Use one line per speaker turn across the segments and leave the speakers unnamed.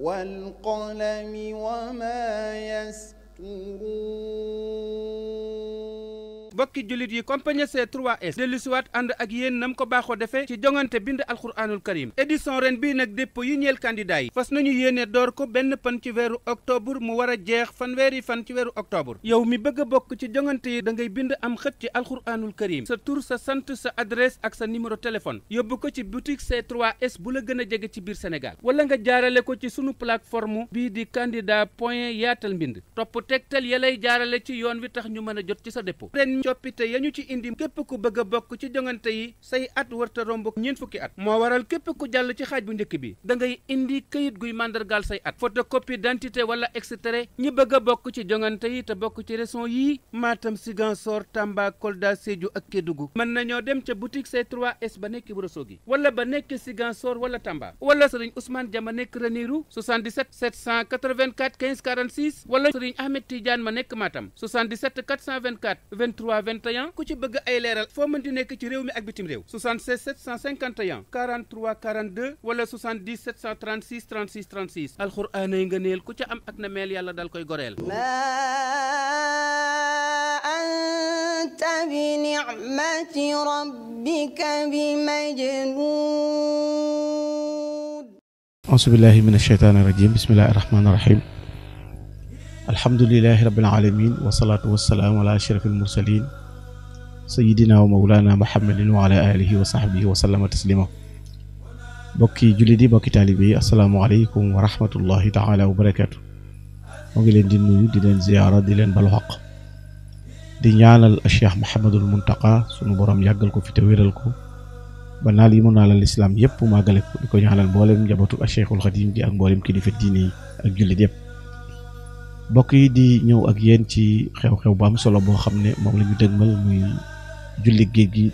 والقلم وما يسطرون mbokki jullit yi compagnie C3S dellu siwaat ànd ak yéen nam ko baaxoo defee ci jongante bind alxuraanul karim édition ren bii nag dépôt yi ñeel candidat yi fas nañu yéene door ko benn pan ci weeru octobre mu war a jeex fanweeri fan ci weeru octobre yow mi bëgg a bokk ci jongante yi da ngay bind am xët ci alxuraanul karim sa tur sa sant sa adresse ak sa numéro téléphone yóbbu ko ci boutique C3S bu la gën a jege ci biir Sénégal wala nga jaarale ko ci sunu plateforme bii di candidat point yaatal mbind topp tegtal ya lay jaarale ci yoon wi tax ñu mën a jot ci sa dépôt ren coppite ya ñu ci indi képp ku bëgg bokk ci joŋante yi say at warta romb ñeent fukki at moo waral képp ku jàll ci xaaj bu njëkk bi da ngay indi këyit guy màndargaal say at photocopie d'identité wala et cetera ñi bëgg a bokk ci joŋante yi te bokk ci régions yii Matam Ziguinchor Tamba Kolda Sédhiou ak Kédougou mën nañoo dem ca boutique C3S ba nekk Ibro Sogi wala ba nekk Ziguinchor wala Tamba wala Serigne Ousmane Diama nekk Ranérou 77 784 15 46 wala Serigne Ahmed Tidiane ma nekk Matam 77 424 23 751 ku ci bëgg ay leeral foo mën di nekk ci réew mi ak bitim réew 76 751 43 42 wala 70 736 36 36 alxuraan ku ca am ak na meel koy goreel
anta bi ni'mati rabbika bi sayidina wa maulana muhammadin wa ala alihi wa sahbihi wa sallama taslima bokki jullit yi bokki taalibe yi asalaamaaleykum wa rahmatullahi taala wa barakaatu mu ngi leen di nuyu di leen ziyaara di leen balu xaq di ñaanal cheikh muhammadul muntaqa sunu borom yàggal ko fi te wéral ko ba naal yi mu naalal lislaam yëpp màggale ko di ko ñaanal mboolem njabootu ak cheikhul xadim gi ak mboolem kilifa diine yi ak jullit yëpp bokk yi di ñëw ak yéen ci xew-xew bu am solo boo xam ne moom la ñu dëgmal julli géej gi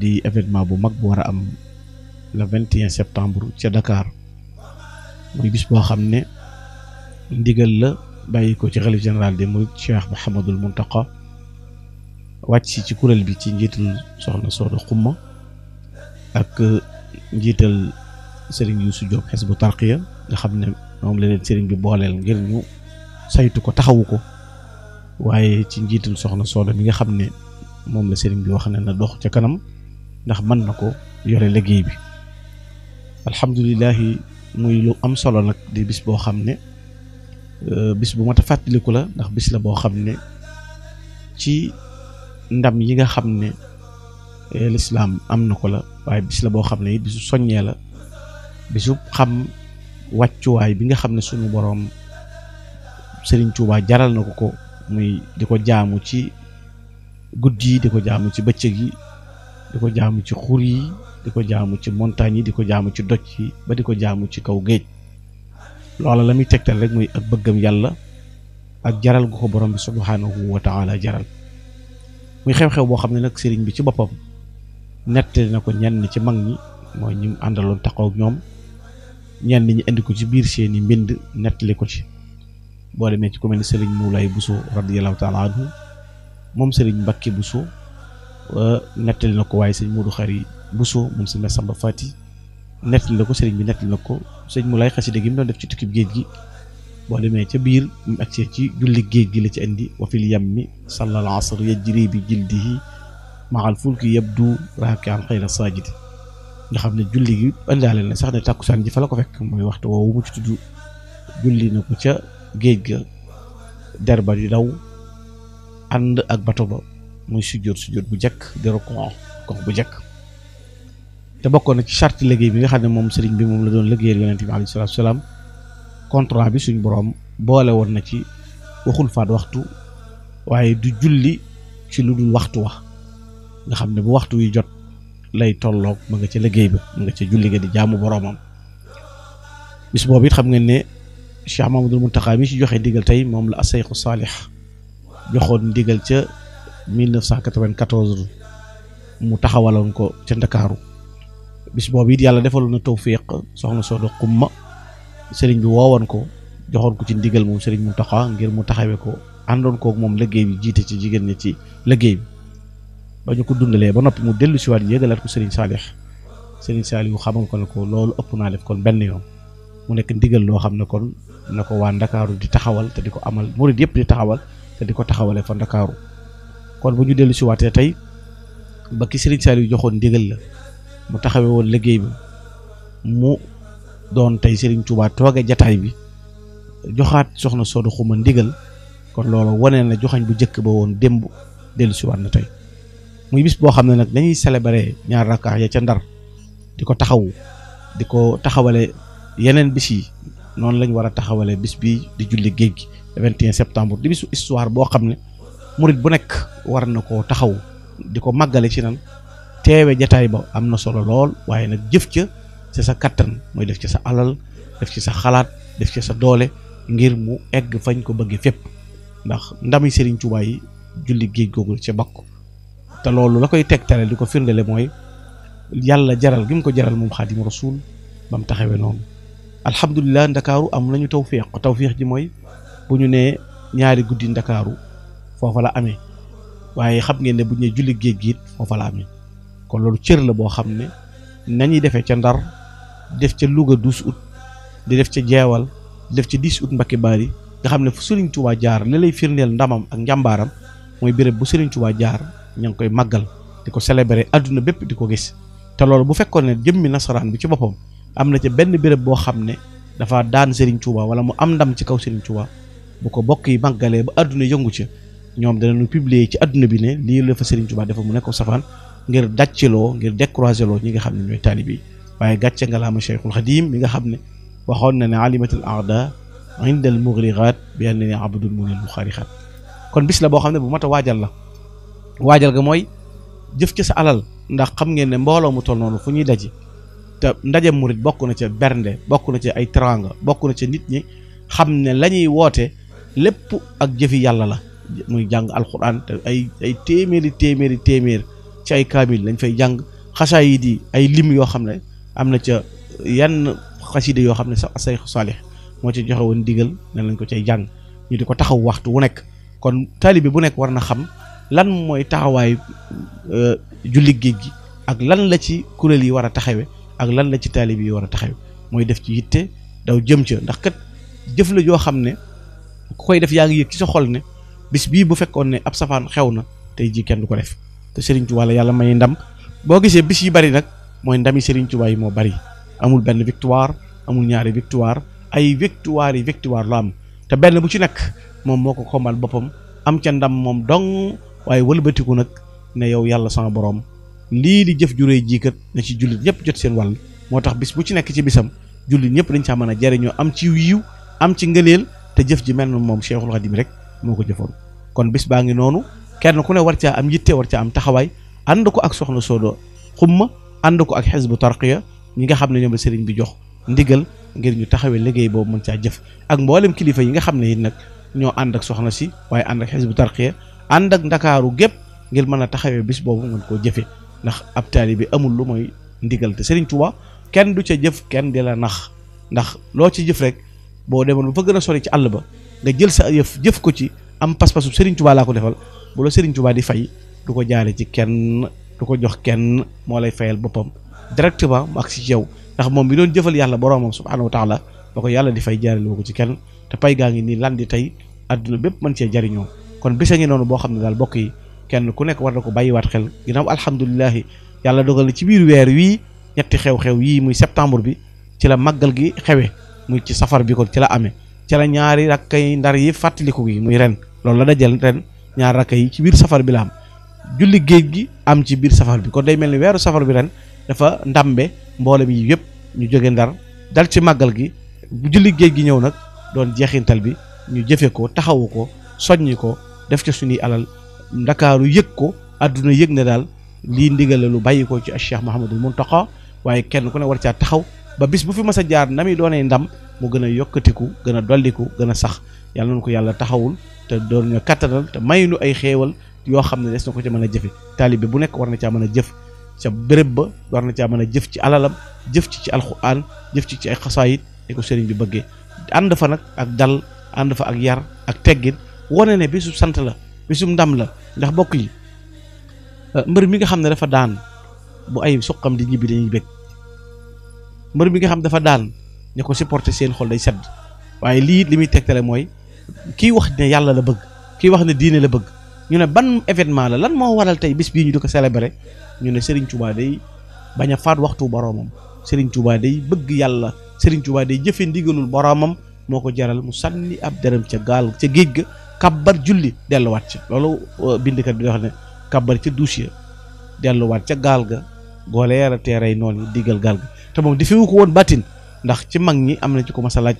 di événement bu mag bu war a am le 21 septembre ca Dakar muy bis boo xam ne ndigal la bàyyi ko ci xalif général des mourides Cheikh Mouhamadul Mountakha wàcc ci kuréel bi ci njiital soxna Soda Xumma ak euh, njiital Serigne Youssou Diop Hizbut Tarqiyyah nga xam ne moom la leen Serigne bi booleel ngir ñu saytu ko taxawu ko waaye ci njiital soxna Soda mi nga xam ne. moom la sëriñ bi wax ne na dox ca kanam ndax man na ko yore liggéey bi alhamdulilahi muy lu am solo nag di bis boo xam ne euh, bis bu mat a fàttaliku la ndax bis la boo xam ne ci ndam yi nga xam ne euh, lislaam am na ko la waaye bis la boo xam ne it bisu soññee la bisu xam wàccuwaay bi nga xam ne suñu boroom Sëriñ Tuubaa jaral na ko ko muy di ko jaamu ci guddi yi di ko jaamu ci bëccëg yi di ko jaamu ci xur yi di ko jaamu ci montagne yi di ko jaamu ci doj yi ba di ko jaamu ci kaw géej loola la muy tegtal rek muy ak bëggam yàlla ak jaral gu ko borom bi subhaanahu wa taala jaral muy xew-xew boo xam ne nag sëriñ bi ci boppam nettali na ko ñenn ci mag ñi mooy ñu àndaloon taxaw ak ñoom ñenn ñi indi ko ci biir seeni mbind nettali ko ci boo demee ci ku mel ne sëriñ Moulay Bousso radiyallahu taala anhu moom sëriñ Mbacke Bousso euh, nettali na ko waaye sëñ Modou Khary Bousso moom sëñ Massamba Fati nettali na ko sëriñ bi nettali na ko sëñ mu lay xasida gi mu doon def ci tukkib géej gi ca biir ci julli géej gi la ci indi wa mi yammi sallal asr yajri bi jildihi maxal fulki yabdu raakian xayra saajidi nga xam ne julli gi ëndaale na sax ne tàkkusaan ji fa la ko fekk mooy waxtu woowu mu ci tudd julli na ko ca géej ga derba di daw ànd ak bato ba muy sujjóot sujjóot bu jëkk di rukon kon bu jëkk te bokkoon na ci charte liggéey bi nga xam ne moom sëriñ bi moom la doon liggéeyal yonente bi alayhi salaatu bi suñu boroom boole woon na ci waxul waxtu waaye du julli ci lu dul waxtu wax nga xam ne bu waxtu wi jot lay tollook mu nga ca liggéey bi mu nga ca julli ga di jaamu boroomam bis boobu it xam nga ne Cheikh Mamadou Mountakha mi ci joxe digal tey moom la asayxu saalix joxoon ndigal ca 1994 mu taxawaloon ko ca ndakaaru bis boobu it yàlla defaloon na tawfiq soxna soodo xumma sëriñ bi woowoon ko joxoon ko ci ndigal moom sëriñ Mountakha ngir mu taxawee ko àndoon kook moom liggéey bi jiite ci jigéen ñi ci liggéey bi ba ñu ko dundalee ba noppi mu dellu siwaat yëgalaat ko sëriñ Saalix sëriñ Saalix xamal ko ne ko loolu ëpp naa def kon benn yoon mu nekk ndigal loo xam ne kon na ko waa ndakaaru di taxawal te di ko amal murid yëpp di taxawal te di ko taxawale fa ndakaaru kon bu ñu dellu si tey ba ki Serigne Saliou joxoon ndigal la mu taxawe woon liggéey bi mu doon tey Serigne Touba tooge jataay bi joxaat soxna Soodu Xuma ndigal kon loolu wane na joxañ bu njëkk ba woon démb dellu si na tey muy bis boo xam ne nag dañuy célébrer ñaar rakka ya ca ndar di ko taxawu di ko taxawale yeneen bis yi noonu lañ war a taxawale bis bi di julli géej gi 21 septembre di bisu histoire boo xam ne morit bu nekk war na koo taxaw di ko màggale ci nan teewe jataay ba am na solo lool waaye nag jëf ca ci sa kattan mooy def ca sa alal def ci sa xalaat def ci sa doole ngir mu egg fañ ko bëggee fépp ndax ndami Serigne Touba yi julli géej googu ca bakk te loolu la koy tegtale di ko firndele mooy yàlla jaral gi mu ko jaral moom Xaadimu Rasuul ba mu taxawee noonu alhamdulilah ndakaaru am nañu tawféex feex ji mooy bu ñu nee ñaari guddi ndakaaru foofa la amee waaye xam ngeen ne bu ñu nee julli géej gi foofa la amee kon loolu cër la boo xam ne nañuy defee ca Ndar def ca Louga 12 août di def ca jeewal di def ca 10 août baar yi nga xam ne fu Serigne Touba jaar li lay firndeel ndamam ak njàmbaaram mooy béréb bu sëriñ Touba jaar ña ngi koy màggal di ko célébrer àdduna bépp di ko gis te loolu bu fekkoon ne jëmmi nasaraan bi ci boppam am na ca benn béréb boo xam ne dafa daan Serigne Touba wala mu am ndam ci kaw Serigne Touba bu ko bokk yi màggalee ba àdduna yëngu ca ñoom lu publier ci àdduna bi ne lii la fa Serigne Touba dafa mu nekk ko safaan ngir dàcciloo ngir décroiser loo ñi nga xam ne ñooy taalibe yi waaye gàcce nga laama Cheikhul Xadim nga xam ne waxoon na ne alimatul arda inda al mughriqat bi anna ni abdul munil muxaarixat kon bis la boo xam ne bu mat a waajal la waajal ga mooy jëf ci sa alal ndax xam ngeen ne mbooloo mu toll noonu fu ñuy daje te ndaje murit bokk na ca bernde bokku na ca ay teranga bokk na ca nit ñi xam ne la ñuy woote lépp ak jëfi yàlla la muy jàng alxuraan te ay ay téeméeri téeméeri téeméer ci ay kaamil lañ fay jàng xasaayi di ay lim yoo xam ne am na ca yan xasida yoo xam ne sax asay saalix moo ci joxe woon digal ne lañ ko cay jàng ñu di ko taxaw waxtu wu nekk kon taalibe bu nekk war na xam lan mooy taxawaay euh, julli géej gi ak lan la ci kuréel yi war a taxawee ak lan la ci taalibe yi war a taxawe mooy def ci yitte daw jëm ca ndax kat jëf la joo xam ne ku koy def yaa ngi yëg ci sa xol ne bis bii bu fekkoon ne ab safaan xew na tey jii kenn du ko def te Serigne Touba yàlla may ndam boo gisee bis yi bari nag mooy ndami Serigne Touba moo bari amul benn victoire amul ñaari victoire ay victoire yi victoire la am te benn bu ci nekk moom moo ko xombal boppam am ca ndam moom dong waaye wëlbatiku nag ne yow yàlla sama borom lii di jëf juree jii kat na ci jullit ñëpp jot seen wal moo tax bis bu ci nekk ci bisam jullit ñëpp dañ caa mën a jariñoo am ci yiw am ci ngëneel te jëf ji mel na moom Cheikhul Khadim rek moo ko jëfoon kon bis baa ngi noonu kenn ku ne war caa am yitte war caa am taxawaay ànd ko ak soxna Soodo xumma ànd ko ak xisbu tarqiya ñi nga xam ne ñoom la bi jox ndigal ngir ñu taxawee liggéey boobu mën caa jëf ak mboolem kilifa yi nga xam ne it nag ñoo ànd ak soxna si waaye ànd ak bu tarqiya ànd ak ndakaaru gépp ngir mën a taxawee bis boobu mën koo jëfe ndax ab bi amul lu mooy ndigal te sëriñ tuba kenn du ca jëf kenn di la nax ndax loo ci jëf rek boo demoon bu fa gën a sori ci àll ba nga jël sa yëf jëf ko ci am pas-pasu Serigne Touba laa ko defal bu la Serigne Touba di fay du ko jaare ci kenn du ko jox kenn moo lay fayal boppam directement mu ak si yow ndax moom bi doon jëfal yàlla boroomam subhaanahu wa taala ba ko yàlla di fay jaarale ko ci kenn te pay gaa ngi nii lan di tey àdduna bépp mën cee jariñoo kon bés a ngi noonu boo xam ne daal bokk yi kenn ku nekk war na ko bàyyiwaat xel ginnaaw alhamdulilahi yàlla dogal na ci biir weer wii ñetti xew-xew yii muy septembre bi ci la màggal gi xewee muy ci safar bi ko ci la amee ci la ñaari rakk yi ndar yi fàttaliku gi muy ren loolu la dajal ren ñaari rakk yi ci biir safar bi la am julli géej gi am ci biir safar bi kon day mel ni weeru safar bi ren dafa ndambe mboolem yi yëpp ñu jóge ndar dal ci màggal gi bu julli géej gi ñëw nag doon jeexintal bi ñu jëfe ko taxawu ko soññi ko def ci suñuy alal ndakaaru yëg ko àdduna yëg ne daal lii ndigal la lu bàyyi ko ci Cheikh Mahamadul Muntaqa waaye kenn ku ne war caa taxaw ba bis bu fi mas a jaar na muy doonee ndam mu gën a yokkatiku gën a dolliku gën a sax yàlla nañu ko yàlla taxawul te doon ñu kattanal te maynu ay xéewal yoo xam ne de na ko ca mën a jëfe taalibe bu nekk war na caa mën a jëf ca béréb ba war na caa mën a jëf ci alalam jëf ci ci alxuraan jëf ci ci ay xasaayit ni ko sëriñ bi bëggee ànd fa nag ak dal ànd fa ak yar ak teggin wone ne bisu sant la bisu ndam la ndax bokk yi mbër mi nga xam ne dafa daan bu ay suqam di mbër mi nga xam dafa daan ñu ko supporter seen xol day sedd waaye lii li muy tegtale mooy kii wax ne yàlla la bëgg kii wax ne diine la bëgg ñu ne ban événement la lan moo waral tey bis bii ñu di ko célébrer ñu ne Serigne Touba day bañ a faat waxtu boroomam Serigne Touba day bëgg yàlla Serigne Touba day jëfe ndigalul boroomam moo ko jaral mu sànni ab dërëm ca gaal ca géej ga kabbar julli delluwaat ca loolu euh, bind ka di wax ne kabbar ca douche delluwaat ca gaal ga gooleer a teeray noonu digal gaal ga te di defewu ko woon bàttin ndax ci mag ñi am na ci ko mas a laaj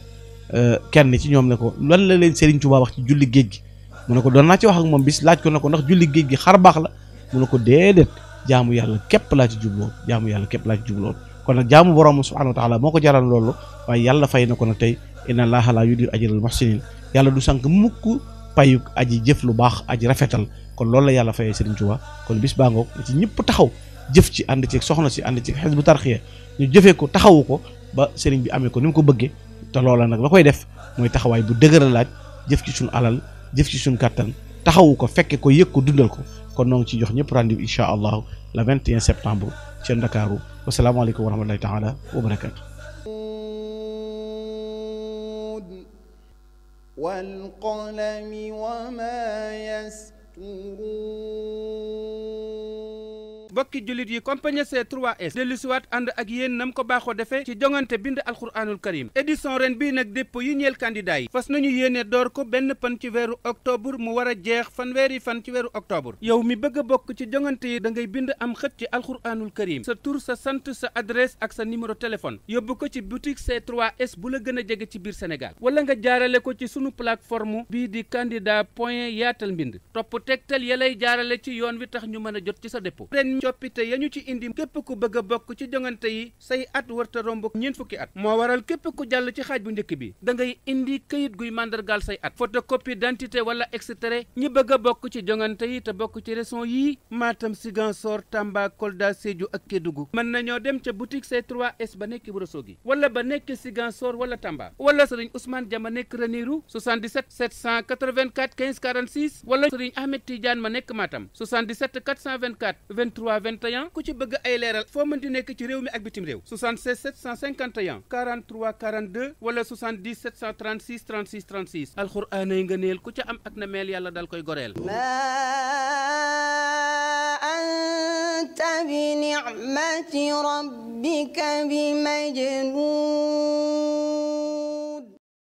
euh, kenn ci ñoom ne ko lan la leen Serigne Touba wax ci julli géej gi mu ne ko doon naa ci wax ak moom bis laaj ko ne ko ndax julli géej gi xar baax la mu ne ko déedéet jaamu yàlla képp laa ci jubloon jaamu yàlla képp laa ci jubloon kon nag jaamu borom subhanahu wa taala moo ko jaral loolu waaye yàlla fay na ko nag tey inna allaha la yudiyu ajral muhsinin yàlla du sànq mukk payuk aji jëf lu baax aji rafetal kon loolu la yàlla fayee Serigne Touba kon bis baa taxaw jëf ci ànd ci soxna si ànd ci Hizbut Tarqiyyah ñu jëfee ko taxawu ko ba sëriñ bi amee ko ni mu ko bëggee te loola nag la koy def mooy taxawaay bu dëgëral laaj jëf ci suñu alal jëf ci suñu kàttan taxawu ko fekke ko yëg ko dundal ko kon noo ngi ci jox ñëpp rendez-vous incha allahu le 21 septembre ci Ndakaaru wasalaamaaleykum wa rahmatullahi taala wa barakaatu
والقلم وما يسطرون mbokki jullit yi compagnie C3S dellu ànd ak yéen nam ko baaxoo defee ci jongante bind alxuraanul karim édition ren bi nag dépôt yi ñeel candidat yi fas nañu yéene door ko benn pan ci weeru octobre mu war a jeex fanweeri fan ci weeru octobre yow mi bëgg a bokk ci jongante yi da ngay bind am xët ci alxuraanul karim sa tur sa sant sa adresse ak sa numéro téléphone yóbbu ko ci boutique c 3 bu la gën a jege ci biir Sénégal wala nga jaarale ko ci sunu plateforme bii di candidat point yaatal mbind topp tegtal ya lay jaarale ci yoon wi tax ñu mën a jot ci sa dépôt coppite ya ñu ci indi képp ku bëgg a bokk ci jongante yi say at wërta romb ñeent fukki at moo waral képp ku jàll ci xaaj bu njëkk bi da ngay indi këyit guy màndargaal say at photocopie d'identité wala et cetera ñi bëgg bokk ci jongante yi te bokk ci régions yii Matam Ziguinchor Tamba Kolda Sédhiou ak Kédougou mën nañoo dem ca boutique C3S ba nekk Ibra Sogi wala ba nekk Ziguinchor wala Tamba wala Serigne Ousmane Diama nekk Ranérou 77 784 15 46 wala Serigne Ahmed Tidiane ma nekk Matam 77 424 23 23 21 ku ci bëgg ay leeral foo mën di nekk ci réew mi ak bitim réew 76 751 43 42 wala 70 736 36 36 alxuraan ay nga neel ku ca am ak na meel yàlla dal koy goreel
anta bi ni'mati rabbika bi majnun